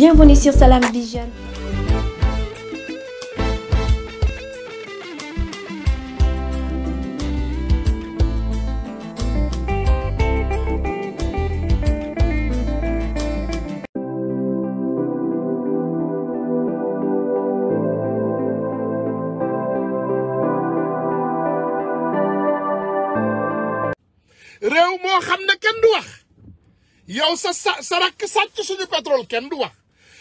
Bienvenue sur Salam Vision. réew moo xam ne kenn du wax yow sa sa sa rakk sàcc suñu pétrole kenn du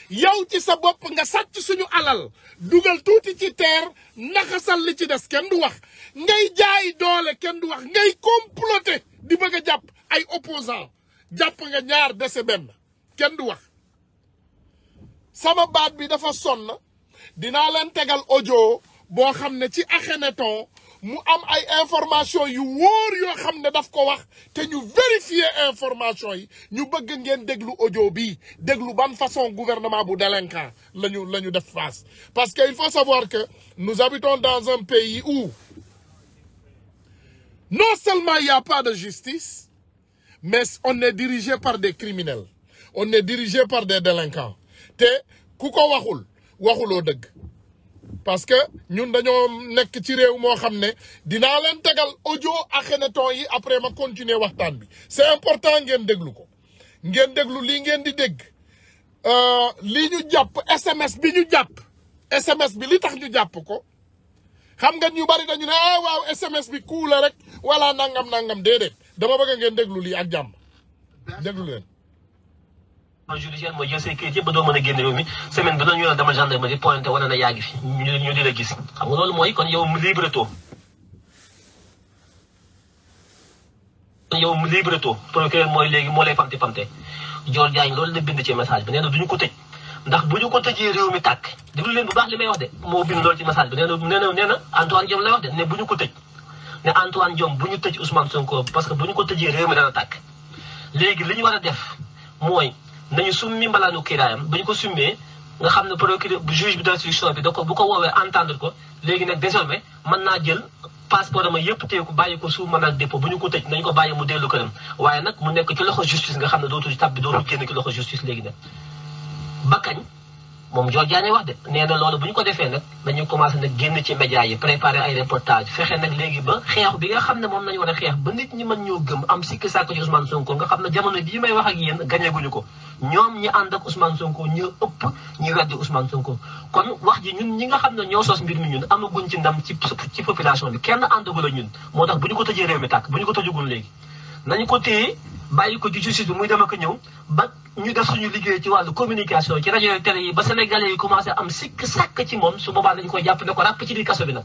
yow ci sa bopp nga sàcc suñu alal dugal tuuti ci teer naxasal li ci des kenn du wax ngay jaay doole kenn du wax ngay comploter di bëgg a jàpp ay opposant jàpp nga ñaar dese benn kenn du wax sama baat bi dafa sonn dinaa leen tegal audio boo xam ne ci Akhenaton mu am ay information yu wóor yoo xam ne daf ko wax te ñu vérifier information yi ñu bëgg ngeen déglu audio bi déglu ban façon gouvernement bu délinquant la ñu la ñu def face parce que il faut savoir que nous habitons dans un pays où non seulement il n'y a pas de justice mais on est dirigé par des criminels on est dirigé par des délinquants te ku ko waxul waxuloo dëgg parce que ñun dañoo nekk ci réew moo xam ne dinaa leen tegal audio Akhenaton yi après ma continuer waxtaan bi c'est important ngeen déglu ko ngeen déglu lii ngeen di dégg euh, li ñu jàpp SMS bi ñu jàpp SMS bi li tax ñu jàpp ko xam nga ñu bari dañu ne ah waaw SMS bi kuu rek wala nangam nangam déedéet dama bëgg ngeen déglu lii ak jàmm déglu leen. judiciaire mooy jël say kayit yëpp ba doo mën a génn réew mi semaine bi la ñu la demal gendarmerie pointé wane na yaa ngi fi ñu ñu gis xam nga loolu mooy kon yow mu libreto kon yow mooy léegi moo lay famte famte Dior Diagne loolu la bind ci message bi nee na du ñu ko tëj ndax bu ñu ko tëjee réew mi tàkk déglu leen bu baax li may wax de moo bind loolu ci message bi nee na nee na nee na Antoine Diome lay wax de ne bu ñu ko tëj ne Antoine Diome bu ñu tëj Ousmane Sonko parce que bu ñu ko tëjee réew mi dana léegi li ñu war a def mooy nañu summi mbalaanu kiiraayam ba ñu ko summee nga xam ne procureur juge bi d'instruction bi da ko bu ko woowee entendre ko léegi nag désormais mën naa jël passeport ma yëpp tey ku bàyyi ko suuf mën ak dépôt bu ñu ko tëj nañu ko bàyyi mu dellu këram waaye nag mu nekk ci loxo justice nga xam ne dootul tab bi dootul ah. génn ki loxo justice léegi nag ba kañ moom George Diané wax de nee na loolu bu ñu ko defee nag dañu commencé nag génn ci média yi préparé ay reportage fexe nag léegi ba xeex bi nga xam ne moom nañu war a xeex ba nit ñi mën ñoo gëm am sikki sàkk ci Ousmane Sonko nga xam ne jamono bii may wax ak yéen gañeguñu ko ñoom ñi ànd ak Ousmane Sonko ñoo ëpp ñi weddi Ousmane Sonko kon wax ji ñun ñi nga xam ne ñoo sos mbir mi ñun amaguñ ci ndam ci ci population bi kenn àndagul ak ñun moo tax bu ñu ko tëjee réew mi tàkk bu ñu ko tëjugul léegi bàyyi ko ci justice bi muy dem ak ñëw ba ñu def suñu liggéey ci wàllu communication ci rajo tere yi ba sénégalais yi commencé am sikk sàkk ci moom su boobaa dañu koy jàpp ne ko ràpp ci biir kaso bi nag.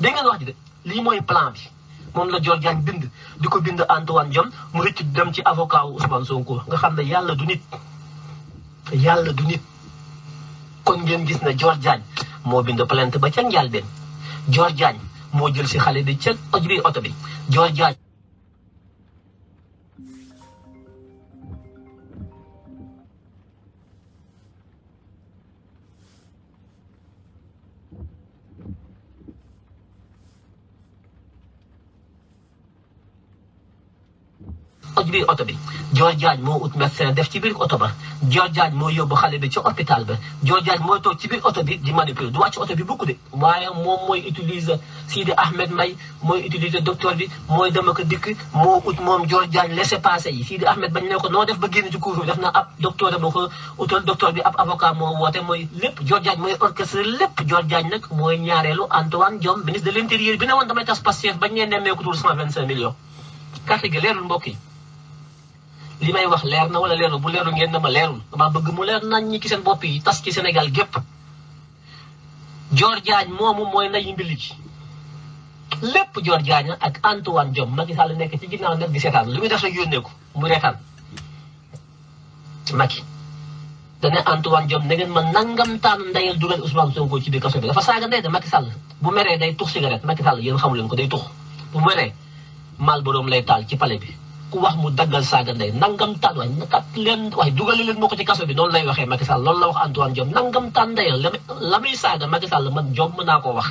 dégg ngeen wax ji de lii mooy plan bi moom la Dior Diagne bind di ko bind Antoine Diome mu rëcc dem ci avocat wu Ousmane ko nga xam ne yàlla du nit yàlla du nit kon ngeen gis ne Dior Diagne moo bind plainte ba ca njàlbeen Dior Diagne moo jël si xale bi ca oj bi oto ko ci oto bi Dior Diagne moo ut médecin def ci biir oto ba Dior Diagne moo yóbbu xale bi ci hôpital ba Dior Diagne moo toog ci biir oto bi di manipuler du wàcc oto bi bukku de waaye moom mooy utiliser Sidi Ahmed May mooy utiliser docteur bi mooy dama ko dikk moo ut moom Dior Diagne laissez passer yi Sidi Ahmed bañ ne ko noo def ba génn ci cour bi na ab docteur moo ko utal docteur bi ab avocat moo woote mooy lép Dior Diagne mooy orchestre lépp Dior Diagne nag mooy ñaareelu Antoine Diome ministre de l'intérieur bi ne woon damay mbokk yi li may wax leer na wala leerul bu leerul ngeen ne ma leerul damaa bëgg mu leer nañ ñi ki seen bopp yi tas ci senegal gépp Dior Diagne moomu mooy nañu mbili ci lépp Dior Diagne ak Antoine Diome Macky Sall nekk ci ginnaaw nekk di seetaan lu muy def rek yónnee ko mu reetaan Macky dane Antoine Diome na ngeen ma nangamtaan ndeyal dugal Ousmane Sonko ci biir kaso bi dafa saaga ndey de Macky Sall bu meree day tux cigarette ki Sall yéen xamu leen ko day tux bu meree Malboroom lay taal ci pale bi ku wax mu daggal saaga ndey nangam taan waaye kat leen waaye dugale leen moo ko ci kaso bi noonu lay waxee Macky Sall loolu la wax Antoine Diome nangam taan ndey la muy saaga Macky Sall man Diome mën naa koo wax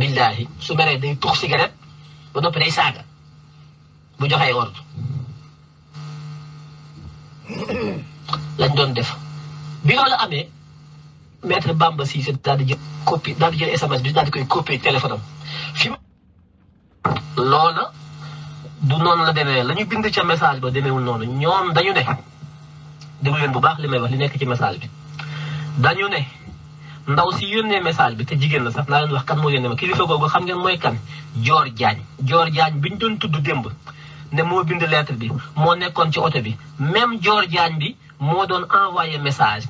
billaahi su meree day tux cigarette ba noppi day saaga bu joxee ordre lañ doon def bi loolu amee maître Bamba Cissé daal di jël copie daal di jël SMS bi daal koy copier téléphone loola du noonu la demee la bind ca message ba demeewul noonu ñoom dañu ne def leen bu baax li may wax li nekk ci message bi dañu ne ndaw si yónnee message bi te jigéen la sax naa leen wax kan moo yónnee ma kilifa googu xam ngeen mooy kan joor jaañ Dior Diagne bi ñu doon tudd démb ne moo bind lettre bi moo nekkoon ci oto bi même Dior jaañ bi moo doon envoyé message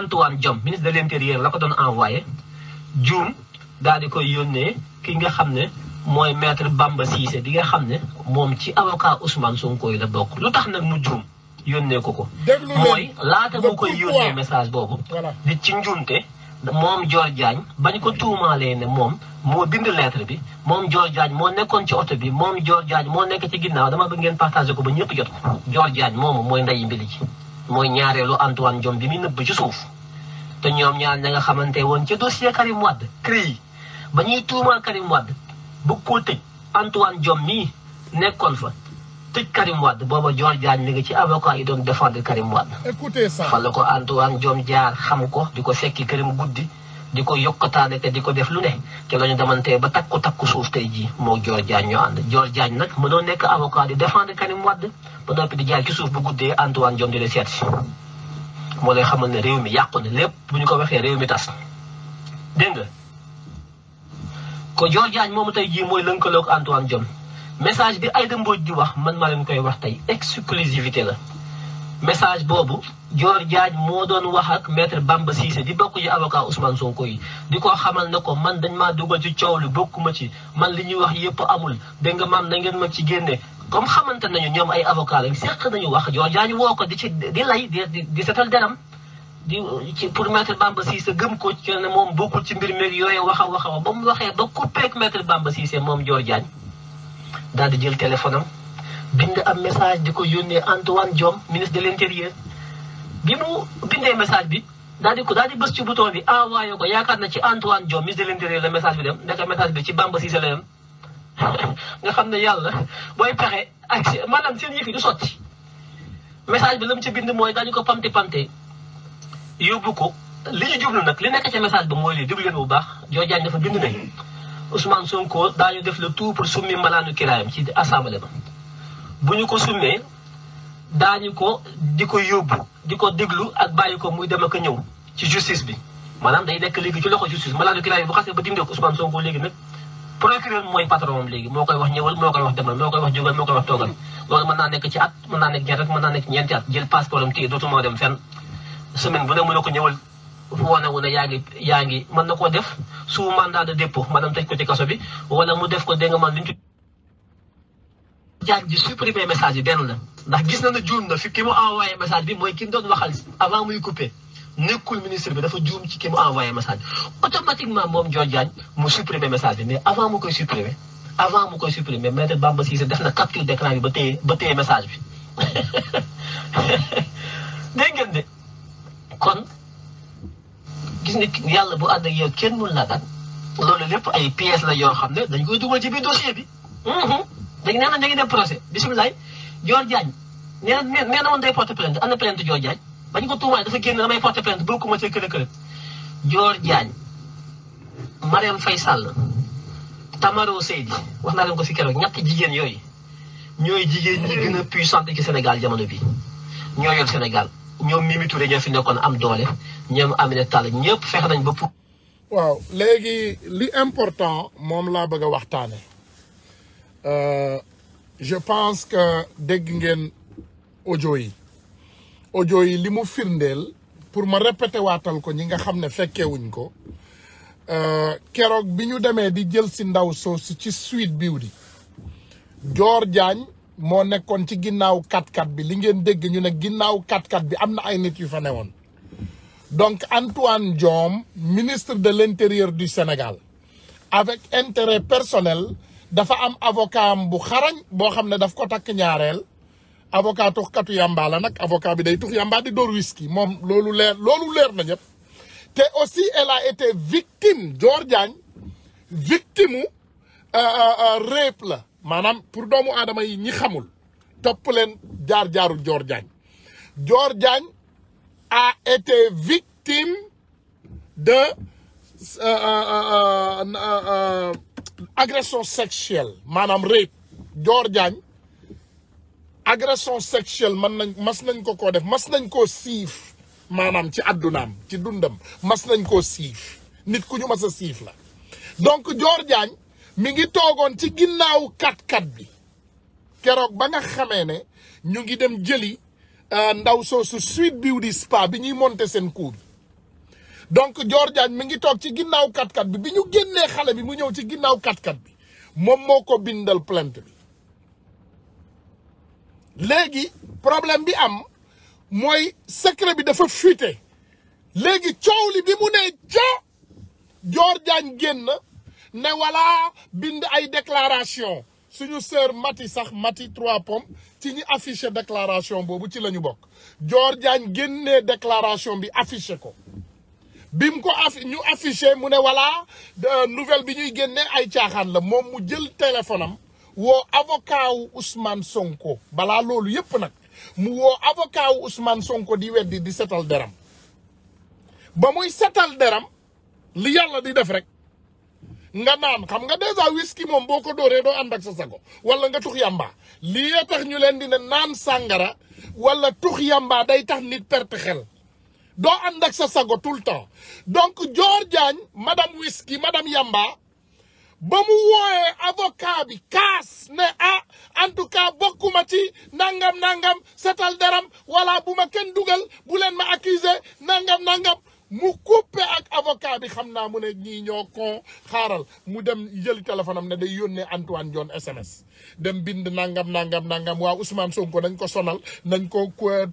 Antoine Diome ministre de l'intérieur la ko doon envoyé Dioum daal di koy yónnee ki nga xam ne mooy maître Bamba Cissé bi nga xam ne moom ci avocat Ousmane Sonko yi la bokk lu tax nag mu juum yónnee ko ko. mooy laata moo koy yónnee message boobu. di ci njuumte moom Dior Diagne bañ ko tuumaalee ne moom moo bind lettre bi moom Dior Diagne moo nekkoon ci oto bi moom Dior Diagne moo nekk ci ginnaaw dama bëgg ngeen partagé ko ba ñëpp jot ko. Dior Diagne moomu mooy ndeyi mbili ji mooy ñaareelu Antoine Diome bi muy nëbb ci suuf te ñoom ñaar ña nga xamante woon ci dossier Karim Wade yi ba ñuy tuumaal Karim Wade. bëgg koo tëj Antoine Diome mii nekkoon fa tëj Karim Wade booba Dior Diagne mi ngi ci avocat yi doon défendre Karim Wade. écoutez ça fa la ko Antoine Diome jaar xam ko di ko fekki këram guddi. di ko yokkataane te di ko def lu ne te la ñu demantee ba takku takku suuf tey jii moo Dior Diagne ñoo ànd Dior Diagne nag mënoo nekk avocat di défendre Karim Wade ba noppi di jaar ci suuf bu guddee Antoine Diome di la seet moo lay xamal ne réew mi yàqu na lépp bu ñu ko waxee réew mi tas dégg nga ko joor Diagne moomu tey jii mooy lënkaloog Antoine Diome message bi Aïda Mbodj di wax man maa leen koy wax tey exclusivité la message boobu Dior Diagne moo doon wax ak maître Bamba Cissé di bokk ci avocat Ousmane Sonko yi di ko xamal ne ko man dañ maa dugal ci coow lu bokkuma ci man li ñuy wax yëpp amul dégg nga maam na ngeen ma ci génne comme xamante nañu ñoom ay avocat lañ seq nañu wax Dior jaañ woo ko di ci di lay di di setal deram di ci pour maître Bamba sa gëm ko ci ne moom bokkul ci mbir meeg yooyu waxa waxa ba mu waxee ba coupé ak maître Bamba Cissé moom Dior Diagne daal di jël téléphone am bind am message di ko yónnee Antoine Diome ministre de l' intérieur bi mu bindee message bi daal di ko daal di bës ci bouton bi envoyé ko yaakaar na ci Antoine Diome ministre de l' intérieur la message bi dem ci Bamba Cissé la nga xam ne yàlla booy pexe ak maanaam seen yëf yi du sotti message bi la mu ci bind mooy dañu ko pamti pamte yóbbu ko li ñu jublu nag li nekk ca message bi mooy lii déglu leen bu baax joojaan dafa bind ne Ousmane Sonko daañu def le tout pour summi malaanu kiraayam ci assemblée ba bu ñu ko summee daañu ko di ko yóbbu di ko déglu ak bàyyi ko muy dem ak ñëw ci justice bi malaanu kiraayam bu xasee ba dindee ko Ousmane Sonko léegi nag procureur mooy patron am léegi moo koy wax ñëwal moo koy wax demal moo koy wax jógal moo koy wax toogal loolu mën naa nekk ci semaine bu ne mën na ko ñëwal fu wane wu yaa ngi yaa ngi mën na koo def sous mandat de dépôt maanaam tëj ko ci kaso bi wala mu def ko dégg nga man li ñu jaar ji supprimer message yi benn ndax gis na ne juum na fi ki mu envoyé bi mooy ki mu doon waxal avant muy coupé nekkul ministre bi dafa juum ci ki mu envoyé message bi automatiquement moom Ndiol Diagne mu supprimer message bi mais avant mu koy supprimer avant mu koy supprimer maître Bamba Cissé def na capture d'écran ba téye ba téye message bi dégg kon gis nga yàlla bu ànd ak yow kenn mun la daan loolu lépp ay pièces la yoo xam ne dañ koy dugal ci biir dossier bi. dañu mhm. nee na da ngeen dem procès bisimilah Dior Diagne nee na nee na woon day porté plainte am na plainte Dior Diagne bañ ko tuumaay dafa génn damay porté plainte bokkuma ca kër kër Dior Diagne Mariam Faye Sall Tamaro Seydi wax naa leen ko fi keroog ñetti jigéen yooyu ñooy jigéen ñi gën a puissante ci Sénégal jamono bi ñoo yor Sénégal. ñoom Mimi Touré ñoo fi nekkoon am doole ñoom Aminata Tall ñëpp fexe nañ ba. waaw léegi li important moom laa bëgg a waxtaane euh, je pense que dégg ngeen audio yi ojo yi li mu firndeel pour ma répété waatal ko ñi nga xam ne fekkewuñ ko euh, keroog bi ñu demee di jël si ndaw soosu ci suite biw di Dior Diagne moo nekkoon ci ginnaaw 4-4 bi li ngeen dégg ñu ne ginnaaw 4-4 bi am na ay nit yu fa newoon donc Antoine Diome ministre de l'intérieur du Sénégal avec intéret personnel dafa am avocat bu xarañ boo xam ne daf ko takk ñaareel avocat tux katu yàmbaa la nag avocat bi day tux yàmbaa di dóor whisky moom loolu leer loolu leer na ñëpp te aussi elle a été victime Dior Diagne victime euh, euh, euh, réep la maanaam pour doomu aadama yi ñi xamul topp leen jaar-jaaru Dior Diagne Dior Diagne a été victime de euh, euh, euh, agression sexuelle maanaam rape Dior Diagne agression sexuelle mën nañ mas nañ ko koo def mas nañ koo siif maanaam ci addunaam ci dundam mas nañ koo siif nit ku ñu mas a siif la donc Dior Diagne mi ngi toogoon ci ginnaaw kat-kat bi keroog ba nga xamee ne ñu ngi dem jëli euh, ndaw soosu Sweet Beauty Spa bi ñuy monter seen cours bi donc Dior Diagne mi ngi toog ci ginnaaw kat-kat bi bi ñu génnee xale bi mu ñëw ci ginnaaw kat-kat bi moom moo ko bindal plainte bi léegi problème bi am mooy secret bi dafa fuité léegi coow li bi mu nee jo Dior Diagne génn ne wala bind ay déclaration suñu sœur Mati sax Mati trois pommes ci ñi affiché déclaration boobu ci la ñu bokk joor Diagne génnee déclaration bi affiché ko bi mu ko afi ñu affiché mu ne voilà nouvelle bi ñuy génnee ay caaxaan la moom mu jël téléphone am woo avocat wu Ousmane Sonko balaa loolu yëpp nag mu woo avocat wu Ousmane Sonko di weddi di setal deram ba muy setal deram li yàlla di def rek. nga naan xam nga dèjà whisky moom boo ko dooree doo ànd ak sa sago wala nga tux yamba lii tax ñu leen dina naan sàngara wala tux yamba day tax nit perte doo ànd ak sa sago tout le temps donc Dior Diagne madame whisky madame yamba ba mu wooyee avocat bi kaas ne ah en bokkuma ci nangam nangam setal daram wala bu ma kenn dugal bu leen ma accuser nangam nangam mu coupé ak avocat bi xam naa mu ne ñii ñoo ko xaaral mu dem jëli téléphone am ne day yónnee Antoine Diome SMS dem bind nangam nangam nangam waa Ousmane Sonko nañ ko sonal nañ ko euh,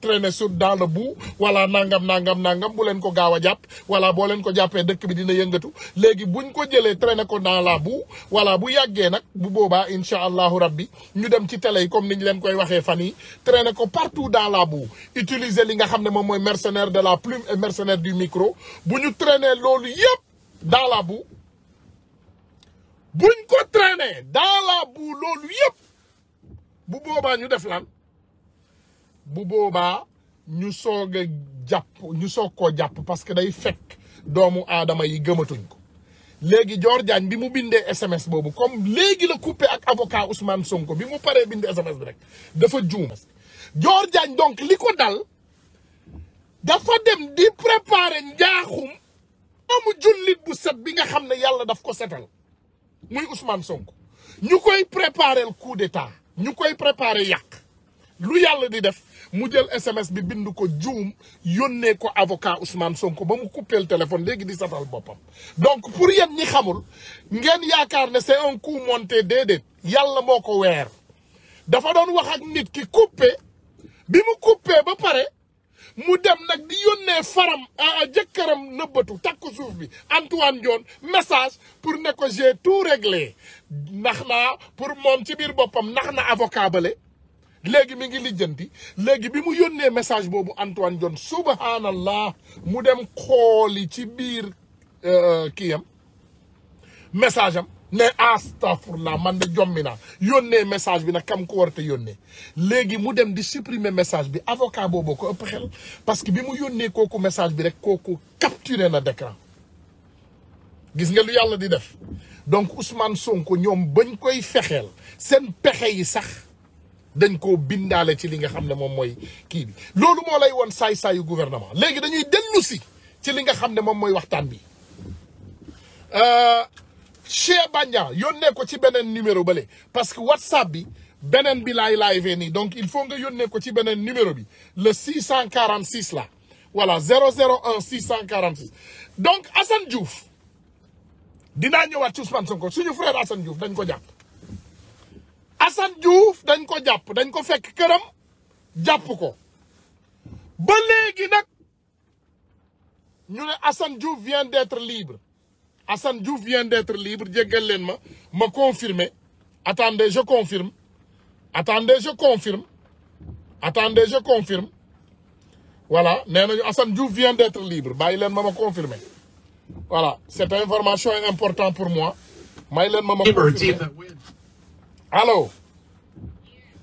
traîner sur dans le bu wala nangam nangam nangam bu leen ko gaaw a jàpp wala boo leen ko jàppee dëkk bi dina yëngatu léegi buñ ko jëlee traîner ko dans la boue wala bu yàggee nag bu boobaa incha allahu rabbi ñu dem ci télé yi comme niñ leen koy waxee fan yi traîner ko partout dans la boue li nga xam ne moom mooy mercenaire de la plume euh, travers micro bu ñu traîner loolu yëpp dans la boue buñ ko traîner dans loolu yëpp bu boobaa ñu def lan bu boobaa ñu soog jàpp ñu soog koo jàpp parce que day fekk doomu aadama yi gëmatuñ ko léegi Dior Diagne bi mu bindee SMS boobu comme léegi la coupé ak avocat Ousmane ko bi mu paree bind SMS bi rek dafa juum. Dior Diagne donc li ko dal. dafa dem di préparer njaaxum amu jullit bu set bi nga xam ne yàlla daf ko setal muy usmaan Sonko ñu koy préparer coup d'état ñu koy préparer yàq lu yàlla di def mu jël SMS bi bind ko juum yónnee ko avocat Ousmane Sonko ba mu coupeel téléphone léegi di setal boppam donc pour yéen ñi xamul ngeen yaakaar ne c'est un coup déedéet yàlla moo ko weer dafa doon wax ak nit ki coupé bi mu coupé ba pare mu dem nag di yónnee faram a jëkkëram nëbbatu takku suuf bi Antoine Diome message pour ne ko j'ai tout réglé ndax naa pour moom ci biir boppam ndax na avocat bale léegi mi ngi lijjanti léegi bi mu yónnee message boobu Antoine Diome subhanallah mu dem xooli ci biir euh, kiyam message am ne astafurlah man de jommi yónnee message bi nag kam ko war te yónnee léegi mu dem di supprimer message bi avocat boobu ko ëpp xel parce que bi mu yónnee kooku message bi rek kooku capturé na d'écran gis nga lu yàlla di def donc Ousmane Sonko ñoom bañ koy fexeel seen pexe yi sax dañ koo bindaale ci li nga xam ne moom mooy kii bi loolu moo lay woon saay-saayu gouvernement léegi dañuy dellu si ci li nga xam ne moom mooy waxtaan bi euh, Cheikh Bandia yónnee ko ci beneen numéro bale parce que WhatsApp bi beneen bi laay live nii donc il faut nga yónnee ko ci beneen numéro bi le 646 la voilà 001 646. donc Assane Diouf dinaa ñëwaat ci Ousmane Sonko suñu frère Assane Diouf dañ ko jàpp Assane Diouf dañ ko jàpp dañ ko fekk këram jàpp ko ba léegi nag ñu ne Assane Diouf vient d'être libre. Hassan Diouf vient d'être libre jéggal leen ma ma confirmer attendez je confirme attendez je confirme attendez je confirme voilà nee nañu Hassan Diouf vient d'être libre bàyyi leen ma ma confirmer voilà cette information est importante pour moi may leen ma ma confirmer allo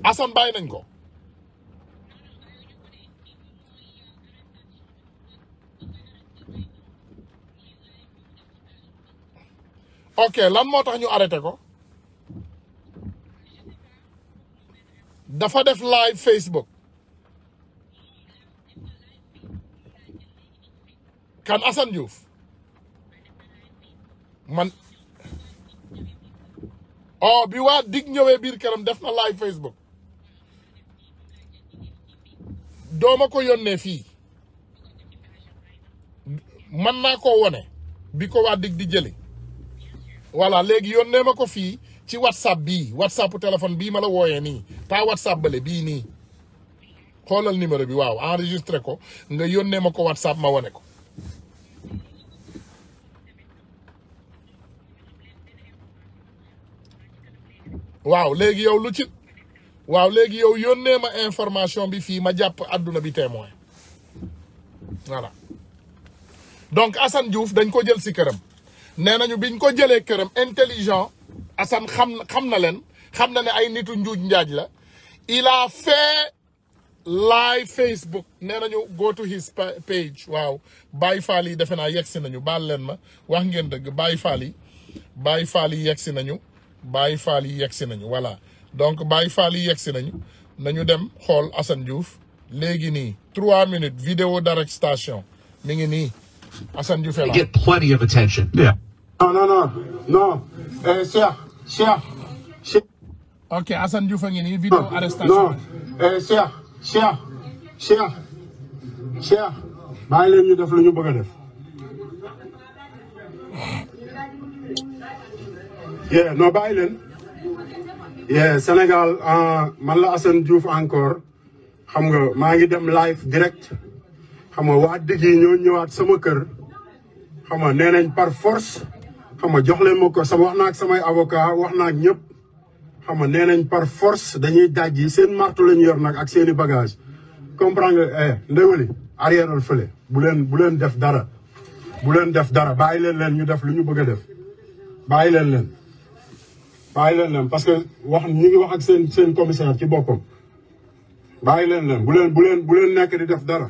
Hassan bàyyi nañ ko ok lan moo tax ñu arrêté ko dafa def live Facebook kan Assane Diouf man o oh, bi waa dig ñëwee biir këram def na live Facebook dooma ko yónnee fii man naa ko wone bi ko waa dig di jëli voilà léegi yónnee ma ko fii ci whatsapp bii whatsapp téléphone bii ma la wooyee nii pas whatsapp bale bii nii xoolal numéro bi waaw enregistré ko nga yónnee ma ko whatsapp ma wane ko waaw léegi yow lu ci waaw léegi yow yónnee ma information bi fii ma jàpp àdduna bi témoin voilà donc Assane Diouf dañ ko jël si këram nee nañu biñ ko jëlee këram intelligent Assane xam xam na leen xam na ne ay nitu njuuj njaaj la il a fait live Facebook nee nañu go to his page waaw Baye Fall yi defe naa yegsi nañu baal leen ma wax ngeen dëgg Baye Fall yi Baye Fall yi yegsi nañu Baye Fall yi yegsi nañu voilà donc Baye Fall yi yegsi nañu nañu dem xool Assane Diouf léegi nii trois minutes vidéo direct station mi ngi nii Assane Diouf get plenty of attention. Yeah. non non non non. Eh, Cheikh Cheikh Cheikh. ok Assane Diouf a ngi nii vidéo arrestation. non eh, Cheikh Cheikh Cheikh Cheikh. bàyyi leen ñu def lu ñu bëgg a def. yeah non bàyyi leen. yeah Sénégal ah, man la Assane Diouf encore xam nga maa ngi dem live direct. xam nga waa dëkk yi ñëwaat sama kër xam nga nee nañ par force xam nga jox leen ma ko sama wax naa samay avocat wax naa ak ñëpp xam nga nee nañ par force dañuy daj yi seen martu la yor nag ak seeni bagage comprendre nga eh ndewali arrière fële bu leen bu leen def dara bu leen def dara bàyyi leen leen ñu def lu ñu bëgg a def bàyyi leen leen bàyyi leen leen parce que wax ñu ngi wax ak seen seen commissaire ci boppam bàyyi leen leen bu leen bu leen bu leen nekk di def dara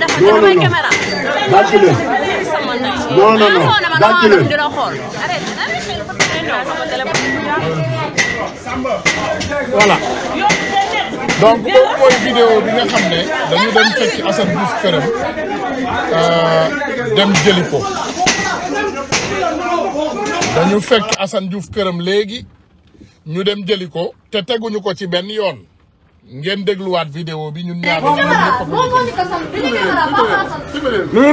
defal nga damay caméra. non non donc boobu mooy vidéo bi xam ne dañu dem fekk Assane Diouf këram euh, dem jëli ko dañu fekk Assane Diouf këram léegi ñu dem jëli ko te teguñu ko ci benn yoon. ngeen dégluwaat vidéo bi ñun ñaar ñëpp.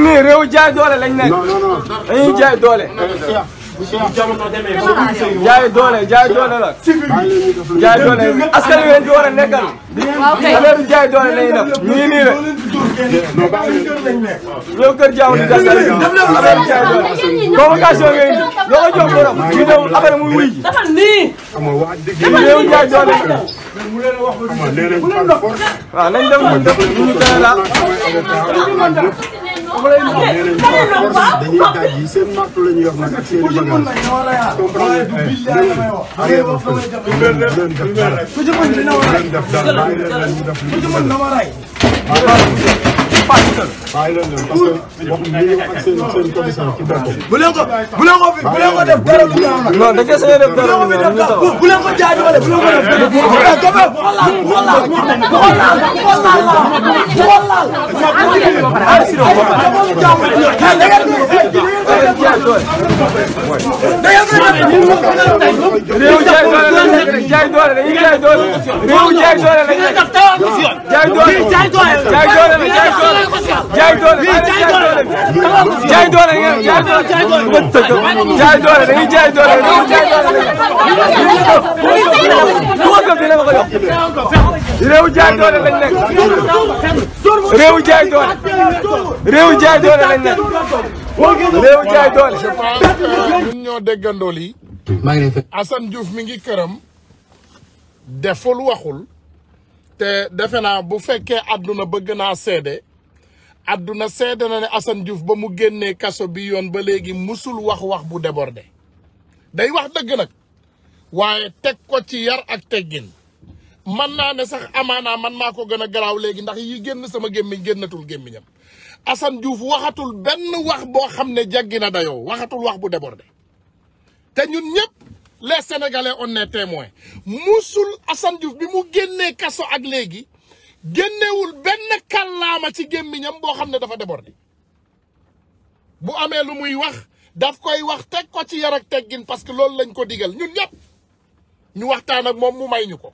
nii réew jaay doole lañ nekk. dañuy jaay doole. Eh, eh, eh. jaay doole jaay doole la. jaay doole askan wi ngeen di war a nekkal. affaire jaay doole lañuy def. nii nii rek. ñoo kër jaamu di gasal yi. affaire jaay doole. convocation ngeen di. ñoo ko jox borom. ñu dem affaire muy wuy ji. réew jaay doole. waaw nañ dem ñu def ñu gën a laal. dañuy daaj yi seen marto la ñuy wax nag ak seen i bagage comprendre leen def def bàyyi leen leen parce que wax lii ak seen seen commissaire ci boppam. bu leen ko bu leen ko bu leen ko def dara lu ñaaw nag. non dañu see def dara lu ñaaw nag. bu leen ko jaajëfale bu leen ko def. bu ko laal bu ko laal bu ko laal bu ko laal. da ngeen koy def jaay doole dañuy jaay doole. réew jaay doole lañ nekk jaay doole jaay doole jaay doole jaay doole jaay doole ngeen jaay doole jaay doole dañuy jaay doole réew jaay doole lañ nekk réew jaay doole réew jaay doole lañ nekk réew jaay doole. ñun ñoo déggandoo lii. Assane Diouf mi ngi këram. deful waxul te defe naa bu fekkee àdduna bëgg naa seede àdduna seede na ne Assane ba mu génnee kaso bi yoon ba léegi mësul wax wax bu deborde day wax dëgg nag waaye teg ko ci yar ak teggin man naa ne sax amaanaa man naa ko gën a garaaw léegi ndax yi génn sama gémmiñ génnatul gémmiñam Assane Diouf waxatul benn wax boo xam ne jaggi na dayoo waxatul wax bu débordé te ñun ñëpp les sénégalais on est témoin musul Assane Diouf bi mu génnee kaso ak léegi génnewul benn kàllaama ci gémmiñam boo xam ne dafa débordé bu amee lu muy wax daf koy wax teg ko ci yar ak teggin parce que loolu lañ ko digal ñun ñëpp ñu waxtaan ak moom mu may ñu ko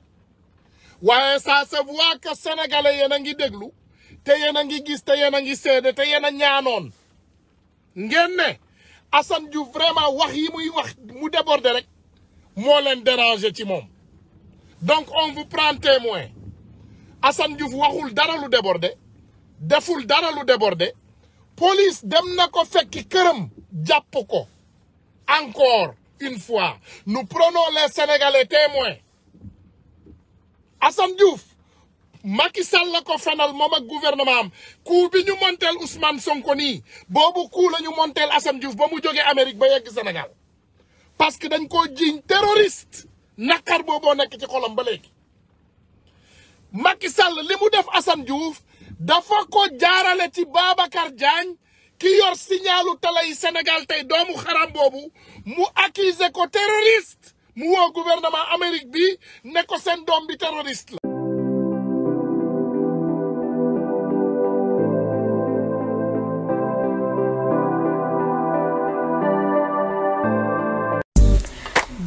waaye sa se voit que sénégalais yéen a ngi déglu te yéen a ngi gis te yéen a ngi seede te yéen a ñaanoon ngeen ne Assane Diouf vraiment wax yi muy wax mu débordé rek. moo leen déranger ci moom donc on vous prend témoin Assane Diouf waxul dara lu débordé deful dara lu débordé police dem na ko fekki këram jàpp ko encore une fois nous prenons les Sénégalais témoins Assane Diouf Macky Sall la ko fenal moom ak gouvernement am coup bi ñu monteel Ousmane Sonko nii boobu coup la ñu monteel Assane Diouf ba mu joge Amérique ba yegg Sénégal parce que dañ koo jiiñ terroriste naqar booboo nekk ci xolam ba léegi Macky Sall li mu def Assane Diouf dafa ko jaarale ci Babacar Diagne ki yor signalu tala yi Sénégal tey doomu xaram boobu mu accuser ko terroriste mu woo gouvernement Amérique bi ne ko seen doom bi terroriste la